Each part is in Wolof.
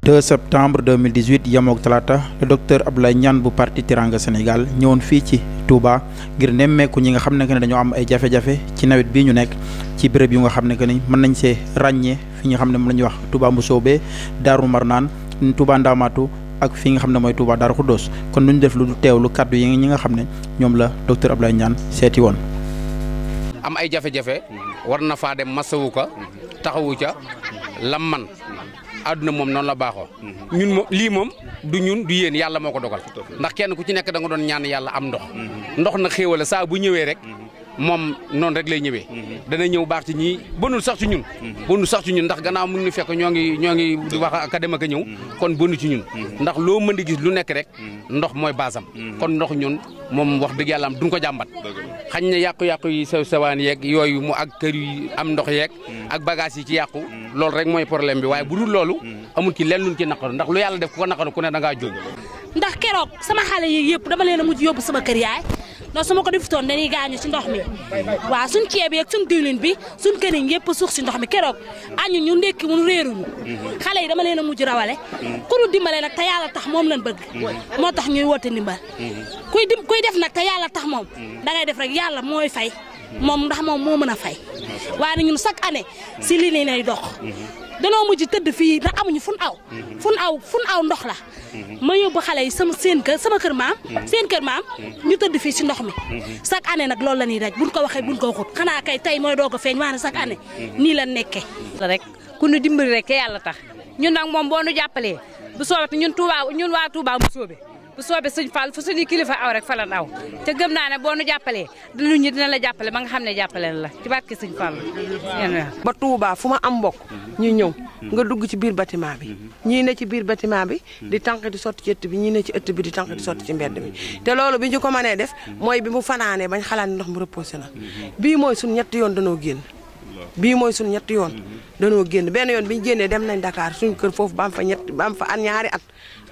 2 septembre 2018 yamok talata le docteur Abdoulaye Niane bu parti Teranga senegal ñewon fi ci Touba ngir ku ñi nga xamne ne dañu am ay jafé jafé ci nawet bi ñu nek ci bërepp yu nga xamne ne ni mën nañ see ragné fi nga xamne ne lañ wax Touba Mbusoobe daru marnan Touba ndamatu ak fi nga xamne moy Touba Darou khodos kon nuñ def lu lu kaddu yi nga xamne ñom la docteur Abdoulaye séti won am ay jafé jafé war na dem massawuka taxawu ca lam man àdduna moom noonu la baaxoo ñun moom lii moom du ñun du yéen yàlla moo ko dogal ndax kenn ku ci nekk da doon ñaan yàlla am ndox ndox na xéewal saa bu ñëwee rek mm-hmm. moom noonu rek lay ñëwee. dana ñëw baax ci ñii bënul sax ci ñun. bënul sax ci ñun ndax gannaaw mu ngi fekk ñoo ngi ñoo ngi di wax académie ka ñëw. kon bënu ci ñun. ndax loo mën di gis lu nekk rek. ndox mooy baasam. kon ndox ñun moom wax dëgg yàlla am duñ ko jàmbat. xañ na yàqu-yàqu yi sew sewaan yeeg yooyu mu ak kër yi am ndox yeeg. ak bagage yi ci yàqu. loolu rek mooy problème bi waaye bu dul loolu. amul ci len lu luñ ci naqaru ndax lu yàlla def ku ko naqaru ku ne dangaa jóg. ndax keroog sama xale yi dama leen a yóbbu sama kër yaay ndax su ma ko defutoon dañuy gaañu si ndox mi waa suñ ceeb yeeg suñ diwlin bi suñ këriñ yëpp suux si ndox mi keroog a ñu ndékki mun réeruñu xale yi dama leen a mujj rawale ku nu dimbale nag te yàlla tax moom lañ bëgg moo tax ñuy woote ndimbal kuy dim kuy def nag te yàlla tax moom da ngay def rek yàlla mooy fay moom ndax moom moo mën a fay waaye ñun chaque ane si lii nay dox danoo mujj tëdd fii ndax amuñu fun aw mhm. fun aw fun aw ndox la mhm. mayu yóbbu xale yi sama seen kër sama kër maam mhm. seen kër maam ñu tëdd fii si ndox mi chaque année nag loolu la nii daj buñ ko waxee buñ ko waxut xanaa kay tey mooy doo a feeñ wax ne chaque année nii lan nekkee rek ku ñu dimbali rek yàlla tax ñun nag moom boo nu jàppale bu soobee ñun Touba ñun waa Touba mu soobee bu soobee sëñ Fall fu suñuy kilifa aw rek fa la aw te gëm naa ne boo nu jàppalee dinañu ñi dina la jàppale ba nga xam ne jàppale la ci barke sëñ Fall ba Touba fu ma am mbokk ñu ñëw nga dugg ci biir bâtiment bi ñii ne ci biir bâtiment bi di tànq di sotti ci ëtt bi ñii ne ci ëtt bi di tànq di sotti ci mbedd mi te loolu bi ñu ko mënee def mooy bi mu fanaanee bañ xalaat ndox mu reposé na bii mooy suñ ñett yoon danoo génn bii mooy suñu ñetti yoon mhm. danoo génn benn yoon bi ñu dem nañ Dakar suñu kër foofu ba am fa ñett ba am fa an ñaari at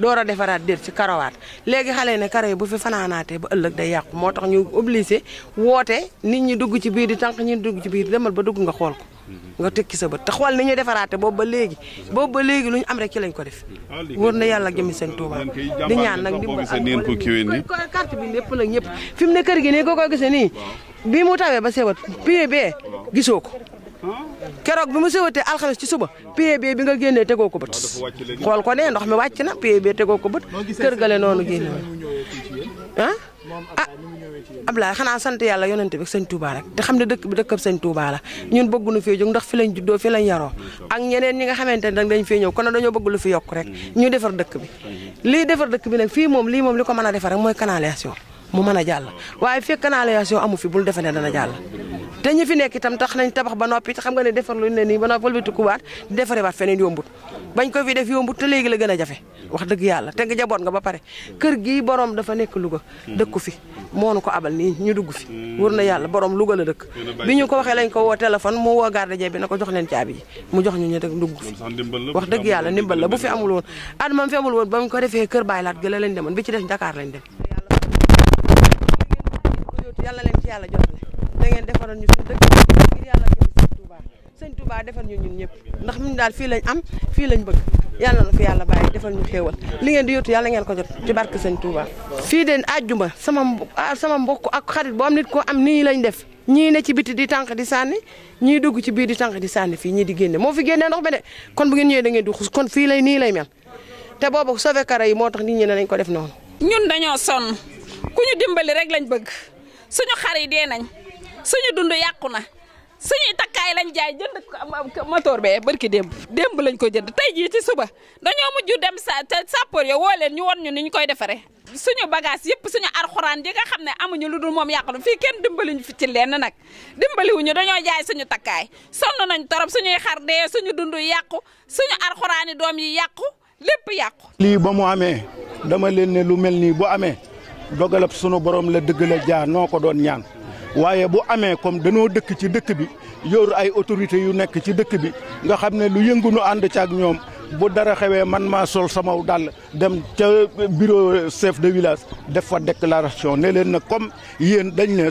door defaraat déet ci karawaat léegi xale ne kare bu fi fanaanaatee ba ëllëg day yàqu moo tax ñu obligé woote nit ñi dugg ci biir di tànk ñi dugg ci biir demal ba dugg nga xool ko mhm. nga tekki sa bët te xool ñuy defaraate boobu ba léegi mhm. boobu ba léegi lu ñu am rek ci lañ ko def ah, wóor na yàlla jëmi seen Tuuba di ñaan nag dimbal carte bi lépp nag ñëpp fi mu ne kër gi nii ko ko gisee nii bi mu tawee ba sewat pied bee gisoo ko keroog bi mu siwatee alxames ci suba PEB bi nga génnee tegoo ko bët xool ko ne ndox mi wàcc na PEB tegoo ko bët kër gale noonu génne ah ah Ablaye xanaa sant yàlla yonente bi sëñ Touba rek te xam ne dëkk bi dëkkab sëñ Touba la ñun bëgg nu fee jóg ndax fi lañ juddoo fi lañ yaroo ak ñeneen ñi nga xamante ne dañ fee ñëw kon dañoo bëgg lu fi yokk rek ñu defar dëkk bi lii defar dëkk bi nag fii moom lii moom li ko mën a defar rek mooy canalisation mu mën a jàll waaye canalisation amu fi bul defe dana jàll te ñi fi nekk itam tax nañ tabax ba noppi xam nga ne defar luñ ne nii ba noppi wëlbati kubaat di defarewaat feneen yombut bañ ko fi def yombut te léegi la gën a jafe wax dëgg yàlla te nga jaboot nga ba pare kër gii borom dafa nekk Louga dëkku fi moonu ko abal nii ñu dugg fi wër na yàlla borom Louga la dëkk bi ñu ko waxee lañ ko woo téléphone mu woo gardien bi na ko jox leen caabi ji mu jox ñu ñu dëkk dugg fi wax dëgg yàlla ndimbal la bu fi amul woon at mam fi amul woon ba ko defee kër bàyyi laat gëla lañ demoon bi ci def Dakar lañ dem yàlla leen ci yàlla jot da ngeen defaral ñu suñu dëkk ngir yàlla jëmi sëñ Touba sëñ defal ñu ñun ñëpp ndax mu ñun daal fii lañ am fii lañ bëgg yàlla na fi yàlla bàyyi defal ñu xéewal li ngeen di yóotu yàlla ngeen ko jot ci barke sëñ Touba fii den àjjuma sama ah, sama mbokk ak xarit boo am nit ko am nii lañ def ñii ne ci biti di tànk di sànni ñii dugg ci biir di tànk di sànni fii ñii di génne moo fi génnee ndox ba kon bu ngeen ñëwee da ngeen di xus kon fii lay nii lay mel te boobu sauvé kara yi moo tax nit ñi ne nañ ko def noonu ñun dañoo sonn ku ñu dimbali rek lañ bëgg suñu xar yi dee nañ suñu dundu yakuna na suñuy lañ jaay jënd motor be barki demb demb lañ ko jënd tay ji ci suba dañu muju dem sa sapor yo ya wolé ñu won ñu niñ koy défaré suñu bagage yépp suñu alcorane yi nga xamné ne amuñu luddul mom yakuna fi kenn dimbaliñu fi ci lenn dimbali wuñu dañu jaay suñu takkaay sonn nañ torop suñu xar dé suñu dundu yakku suñu alcorane doom yi yakku lépp yakku li ba mu amé dama leen né lu melni bu amee dogalab suñu borom la dëgg la jaar noko doon ñaan. waaye bu amee comme danoo dëkk ci dëkk bi yor ay autorités yu nekk ci dëkk bi nga xam ne lu yëngu ànd ci ak ñoom bu dara xewee man maa sol sama dàll dem ca bureau chef de village def fa déclaration ne leen nag comme yéen dañ ne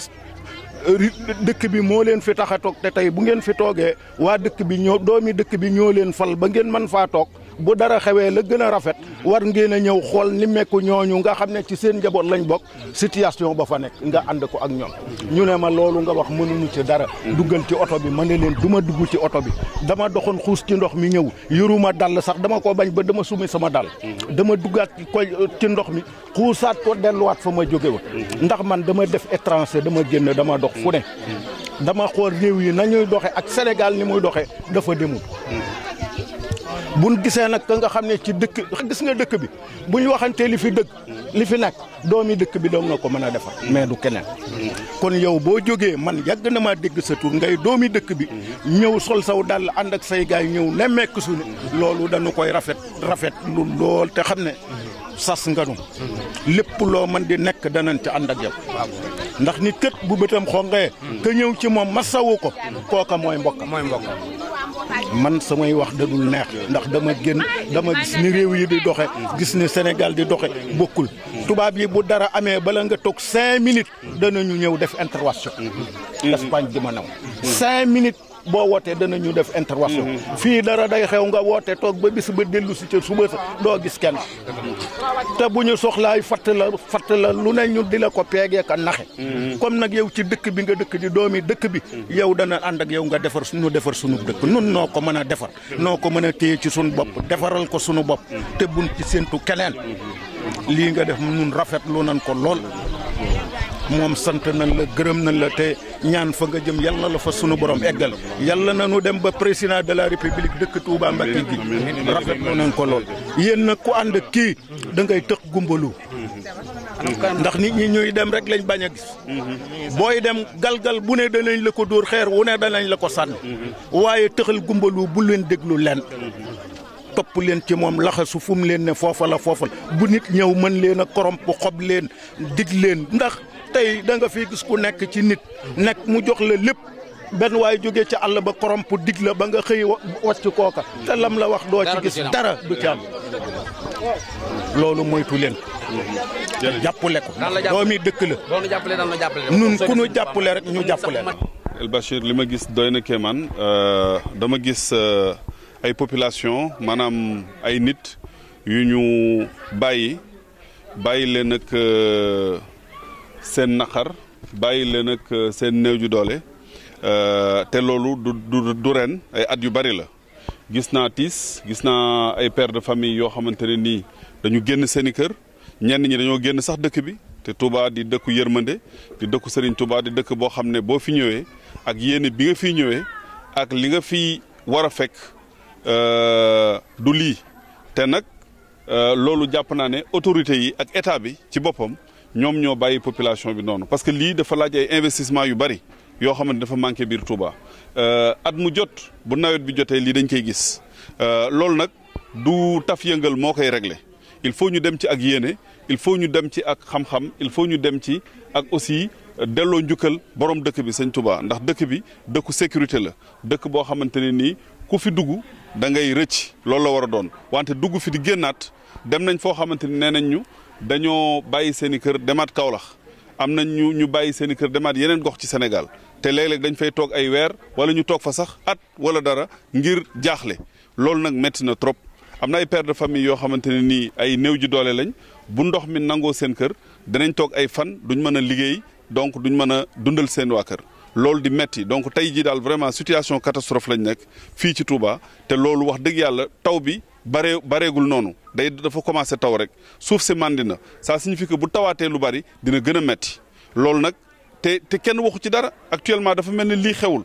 dëkk bi moo leen fi tax a toog te tey bu ngeen fi toogee waa dëkk bi ñoo doomi dëkk bi ñoo leen fal ba ngeen mën faa toog. bu dara xewee la gën a rafet war ngeen a ñëw xool ni mekku ñooñu nga xam ne ci seen njaboot lañ bokk situation ba fa nekk nga ànd ko ak ñoom ñu ne ma loolu nga wax mënuñu ci dara duggal ci oto bi ma ne leen du ma dugg ci oto bi dama doxoon xuus ci ndox mi ñëw yoruma dàll sax dama ko bañ ba dama sumi sama dàll dama duggaat ko ci ndox mi xuusaat ko delluwaat fa ma jóge wa ndax man dama def étranger dama génn dama dox fu ne dama xool réew yi nañuy doxe ak Sénégal ni muy doxe dafa demul buñ gisee nag nga xam ne ci dëkk gis nga dëkk bi bu ñu waxantee li fi dëkk li fi nekk doomi dëkk bi doom nga ko mën a defar mais du keneen kon yow boo jógee man yàgg na maa dégg sa tur ngay doomi dëkk bi ñëw sol saw dal ànd ak say gaay ñëw nemmeeku suñu loolu dañu koy rafet rafet lu lool te xam ne sas nga nu lépp loo mën di nekk danañ ci ànd ak yow ndax nit kët bu bëtam xongee te ñëw ci moom ma masawu ko kooka mooy mbokk mooy mbokk man samay wax dadul neex ndax dama génn dama gis ni réew yi di doxe gis ni Sénégal di doxe bokkul tubaab yi bu dara amee bala nga toog cinq minutes danañu ñëw def intervention mm-hmm. Espagne di ma naw cinq boo wootee danañu def intervention mhm. fii dara day xew nga woote toog ba bis ba dellu si ca suba sa doo gis kenn te bu ñu soxlaay fatt la fatt la lu ne ñu di la ko peegee ka naxe mhm. comme nag yow ci dëkk bi nga dëkk di doomi dëkk bi mhm. yow dana ànd ak yow nga defar ñu defar sunu dëkk nun noo ko mën a defar noo ko mën a téye ci sunu bopp defaral ko sunu bopp te buñ ci séntu keneen lii nga def nun rafetlu nan ko lool moom sant nañ la gërëm nañ la te ñaan fa nga jëm yal na la fa sunu borom eggal yàlla na nu dem ba président de la république dëkk Touba Mbacké gi rafetlu nañ ko lool yéen nag ku ànd kii da ngay tëx gumbalu ndax nit ñi ñuy dem rek lañ bañ a gis booy dem galgal bu ne danañ la ko dóor xeer wu ne danañ la ko sànn waaye tëxal gumbalu bu leen déglu leen topp leen ci moom laxasu fu leen ne foofa la foofa bu nit ñëw mën leen a koromp xob leen dig leen ndax tey da nga fi gis ku nekk ci nit nekk mu jox la lépp benn waaye jóge ci àll ba korom pour dig la ba nga xëy wacc kooka te lam la wax doo ci gis dara du ci am loolu moytu leen jàppale ko doomi dëkk la nun ku nu jàppale rek ñu jàppale El Bachir li ma gis doy na kéemaan euh, dama gis euh, ay population maanaam ay nit yu ñu bàyyi bàyyi leen ak euh, seen naqar bàyyi leen ak euh, seen néew ju doole euh, te loolu du ren ay at yu bari la gis naa tiis gis naa ay pères de famille yoo xamante ne nii dañu génn seeni kër ñenn ñi dañoo génn sax dëkk bi te Touba di dëkku yërmande di dëkku Serigne Touba di dëkk boo xam ne boo fi ñëwee ak yéene bi nga fiy ñëwee ak li nga fi war a fekk euh, du lii te nag loolu jàpp naa ne autorité yi ak état bi ci boppam. ñoom ñoo bàyyi population bi noonu parce que lii dafa laaj ay investissement yu bari yoo xam ne dafa manqué biir Touba euh, at mu jot bu nawet bi jotee lii dañ koy gis euh, loolu nag du taf yëngal moo koy régler il faut ñu dem ci ak yéene il faut ñu dem ci ak xam-xam il faut ñu dem ci ak aussi euh, delloo njukkal borom dëkk bi sëñ Touba ndax dëkk bi dëkku sécurité la dëkk boo xamante ne nii ku fi dugg da ngay rëcc loolu la war a doon wante dugg fi di génnaat dem nañ foo xamante ni nee nañ ñu. dañoo bàyyi seen i kër demaat Kaolack am nañ ñu ñu bàyyi seen i kër demaat yeneen gox ci senegal te léeg-léeg dañ fay toog ay weer wala ñu toog fa sax at wala dara ngir jaaxle loolu nag métti na trop am na ay pères de famille yoo xamante ne nii ay néew ji doole lañ bu ndox mi nangoo seen kër danañ toog ay fan duñ mën a liggéey donc duñ mën a dundal seen waa kër loolu di metti donc tey jii daal vraiment situation catastrophe lañ nekk fii ci Touba te loolu wax dëgg yàlla taw bi. bare bareegul noonu day dafa commencé taw rek suuf si màndi na ça signifie que bu tawaatee lu bari dina gën a metti loolu nag te te kenn waxu ci dara actuellement dafa mel ni lii xewul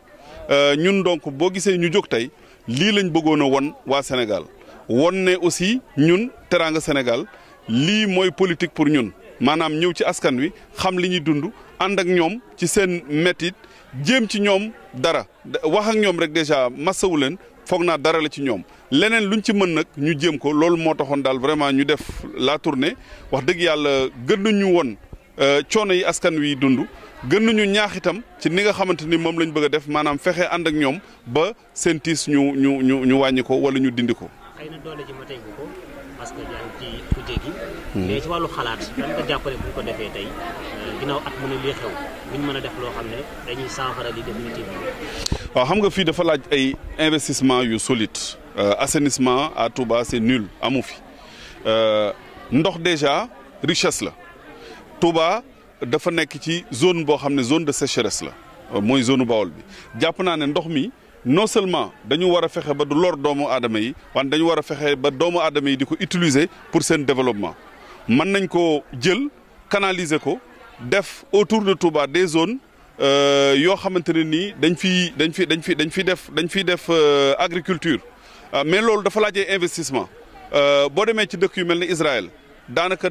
euh, ñun donc boo gisee ñu jóg tey lii lañ bëggoon a won waa Sénégal won ne aussi ñun teraanga Sénégal lii mooy politique pour ñun maanaam ñëw ci askan wi xam li ñuy dund ànd ak ñoom ci seen mettit jëm ci ñoom dara wax ak ñoom rek dèjà masawu leen foog naa dara la ci ñoom leneen luñ ci mën nag ñu jëm ko loolu moo taxoon daal vraiment ñu def la tournée wax dëgg yàlla gën gënuñu woon coono yi askan wi dund. gën gënuñu ñaax itam ci ni nga xamante ni moom lañ bëgg a def maanaam fexe ànd ak ñoom ba seen tiis ñu ñu ñu ñu wàññi ko wala ñu dindi ko. xëy na doole ji ma tey ko parce que yaa ngi ci kujje gi. mais ci wàllu xalaat lan nga jàppale bu ko defee tey. ginnaaw at mu ne lii xew bu ñu mën a def loo xam ne dañuy saafara li définitive bi. waaw xam nga fii dafa laaj ay investissement yu solide assainissement à Touba c'est nul amu fi ndox déjà richesse la Touba dafa nekk ci zone boo xam zone de sécheresse la mooy zone Bawol bi jàpp naa ne ndox mi. non seulement dañu war a fexe ba du lor doomu aadama yi wante dañu war a fexe ba doomu aadama yi di utiliser pour seen développement mën nañ ko jël canaliser ko def autour de Touba des zones euh, dañ fi dañ fi dañ fi dañ euh, agriculture euh, mais loolu dafa laajee investissement bo ci dëkk yu melni Israël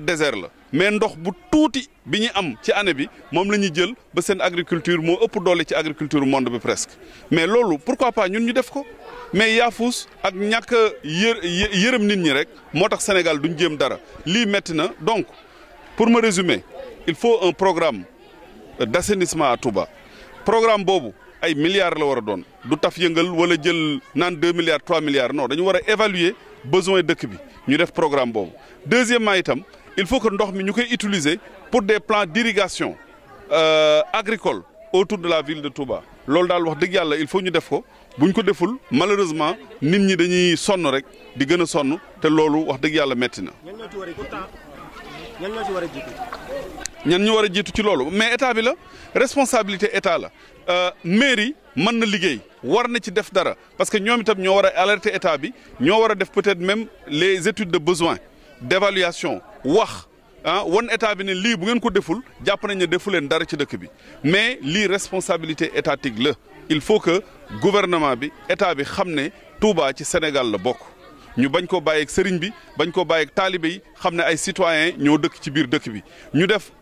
désert mais ndox bu touti biñu am ci année bi mom lañu jël ba agriculture ëpp ci monde presque mais pourquoi pas ñun ñu def ko mais yaafuus ak ñak yërem nit ñi rek motax Sénégal dara metti donc pour me résumer il faut un programme d'assainissement à Touba programme bobo, il milliards la war a doon du taf yëngal wala jël deux milliards 3 milliards non dañu war a évaluer besoin dëkk bi ñu def programme bobo. Deuxième itam il faut que nous mi utiliser pour des plans d'irrigation euh, agricole autour de la ville de Touba loolu daal wax dëgg il faut ñu def ko bu ñu ko malheureusement nous ñi dañuy sonn rek di gën a sonn te loolu wax dëgg ñan ñu war a jiitu ci loolu mais état bi la responsabilité état la euh, mairie mën na liggéey war na ci def dara parce que ñoom itam ñoo war a alerter état bi ñoo war a def peut-être même les études de besoin d'évaluation wax ah hein, wan état bi ne lii bu ngeen ko deful jàpp nañ ne defu dara ci dëkk bi mais lii responsabilité étatique la il faut que gouvernement bi état bi xam ne Touba ci Sénégal la bokk ñu bañ koo bàyyeeg sëriñ bi bañ ko bàyyeeg taalibe yi xam ne ay citoyens ñoo dëkk ci biir dëkk bi ñu def.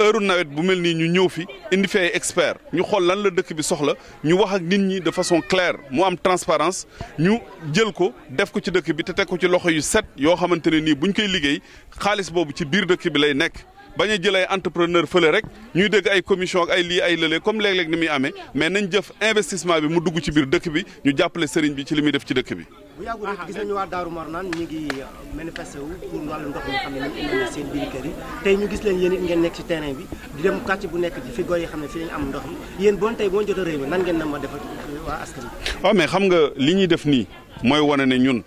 heure nawet bu mel nii ñu ñëw fi indi fi ay expert ñu xool lan la dëkk bi soxla ñu wax ak nit ñi de façon claire mu am transparence ñu jël ko def ko ci dëkk bi te teg ko ci loxo yu set yoo xamante ne nii bu buñ koy liggéey xaalis boobu ci biir dëkk bi lay nekk bañ a jël ay entrepreneur fële rek ñuy dégg ay commission ak ay lii ay lële comme léeg-léeg ni muy amee mais nañ jëf investissement bi mu dugg ci biir dëkk bi ñu jàppale sëriñ bi ci li muy def ci dëkk bi. bu yàggul waa Daaru Marnaan ñu ngi manifesté wu pour wàllu ndox mi nga xam yi tey ñu gis leen yéen ngeen nekk ci terrain bi di dem kàcc bu nekk fi goy yi xam ne fi lañ am ndox mi yéen bon tey boo jot a réew mi nan ngeen na ma defal waa askan bi waaw mais xam nga li ñuy def nii mooy wane ne ñun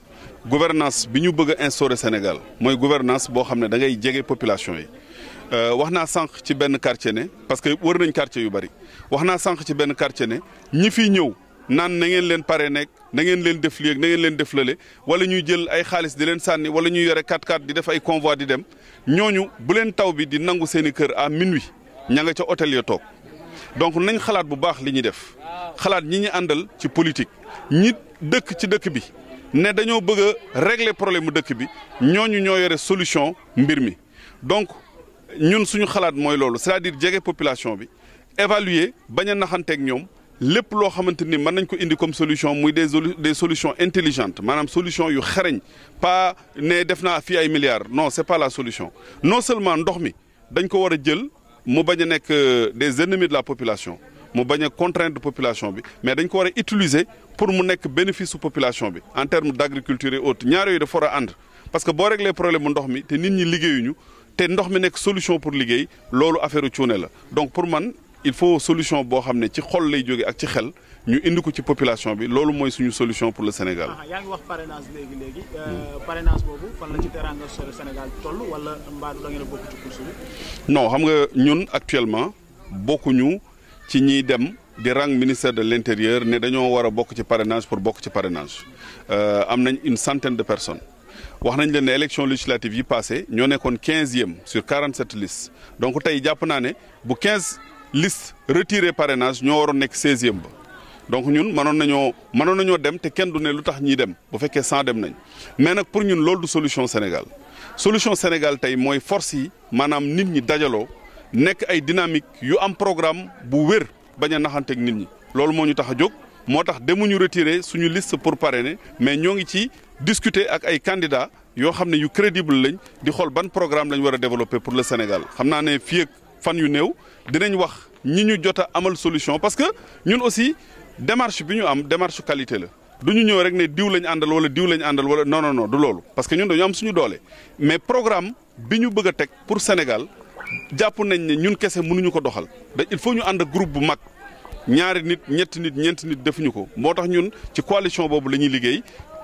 gouvernance bi ñu bëgg a instaurer Sénégal mooy gouvernance boo xam ne da ngay jege population yi Euh, wax naa sànq ci benn quartier ne parce que wër nañ quartier yu bari wax naa sànq ci benn quartier ne ñi fi ñëw naan na ngeen leen pare nekk na ngeen leen def léegi na ngeen leen def lale wala ñuy jël ay xaalis di leen sànni wala ñuy yore 4 x di def ay convoi di dem ñooñu bu leen taw bi di nangu seeni i kër à minuit ña nga ca hôtel ya toog donc nañ xalaat bu baax li ñuy def xalaat ñi ñu àndal ci politique ñi dëkk ci dëkk bi ne dañoo bëgg a régler problème mu dëkk bi ñooñu ñoo yore solution mbir mi donc ñun suñu xalaat mooy loolu c'est-à-dire jege population bi évaluer bañ a naxanteeg ñoom lépp loo xamante ni mën nañ ko indi comme solution muy des des solutions intelligentes maanaam solution yu xarañ pas ne def naa fii ay milliards non c'est pas la solution non seulement ndox mi dañ ko war a jël mu bañ a nekk euh, des ennemis de la population mu bañ a de population bi mais dañ ko war a utiliser pour mu nekk bénéfice population bi en termes d'agriculture et autres ñaar yooyu dafa war a ànd parce que boo réglé problème mu ndox mi te nit ñi liggéeyuñu té ndox mi nek solution pour liguey lolu affaire cuune la donc pour man il faut solution bo xamné ci xol lay jóge ak ci xel ñu indi ko ci population bi lolu moy suñu solution pour le Sénégal. ah ya ngi wax parrainage légui légui euh parrainage bobu fan la ci sur le Sénégal tollu wala mbaa da ngeen a bokk ci course bi. non xam nga ñun actuellement bokku ñu ci ñi dem di rang ministère de l'intérieur né dañoo wara a bokk ci parrainage pour bokk ci parrainage euh am nañ une centaine de personnes wax nañ leen ne élection législative yi passé ñoo nekkoon e sur 47 listes donc tey jàpp naa ne bu 15 listes retiré parrainage ñoo waroon nekk 16 ba donc ñun mënoon nañoo mënoon nañoo dem te kenn du ne lu tax dem bu fekkee 100 dem nañ mais nag pour ñun loolu du solution Sénégal solution Sénégal tey mooy force yi maanaam nit ñi dajaloo nekk ay dynamique yu am programme bu wér bañ a naxanteeg nit ñi loolu moo ñu tax a jóg moo tax demuñu retiré suñu liste pour parrainer mais ñoo ngi ci discuter avec les candidats yo, sont yu crédible programme lañ développer pour le Sénégal xamna né fi fan yu dinañ wax ñi amal solution parce que ñun aussi démarche démarche qualité la. duñu ñëw rek lañ non non non parce que ñun dañu am suñu doole mais programme bi pour Sénégal nañ ñun mënuñu ko il faut ñu groupe bu mag. ñaari nit nit nit defuñu ko ñun ci coalition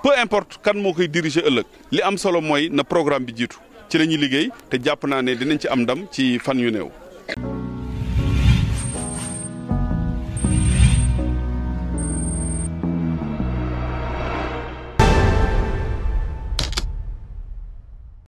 peu importe kan moo koy diriger ëllëg li am solo mooy na programme bi jiitu ci la ñuy liggéey te jàpp naa ne dinañ ci am ndam ci fan yu néew.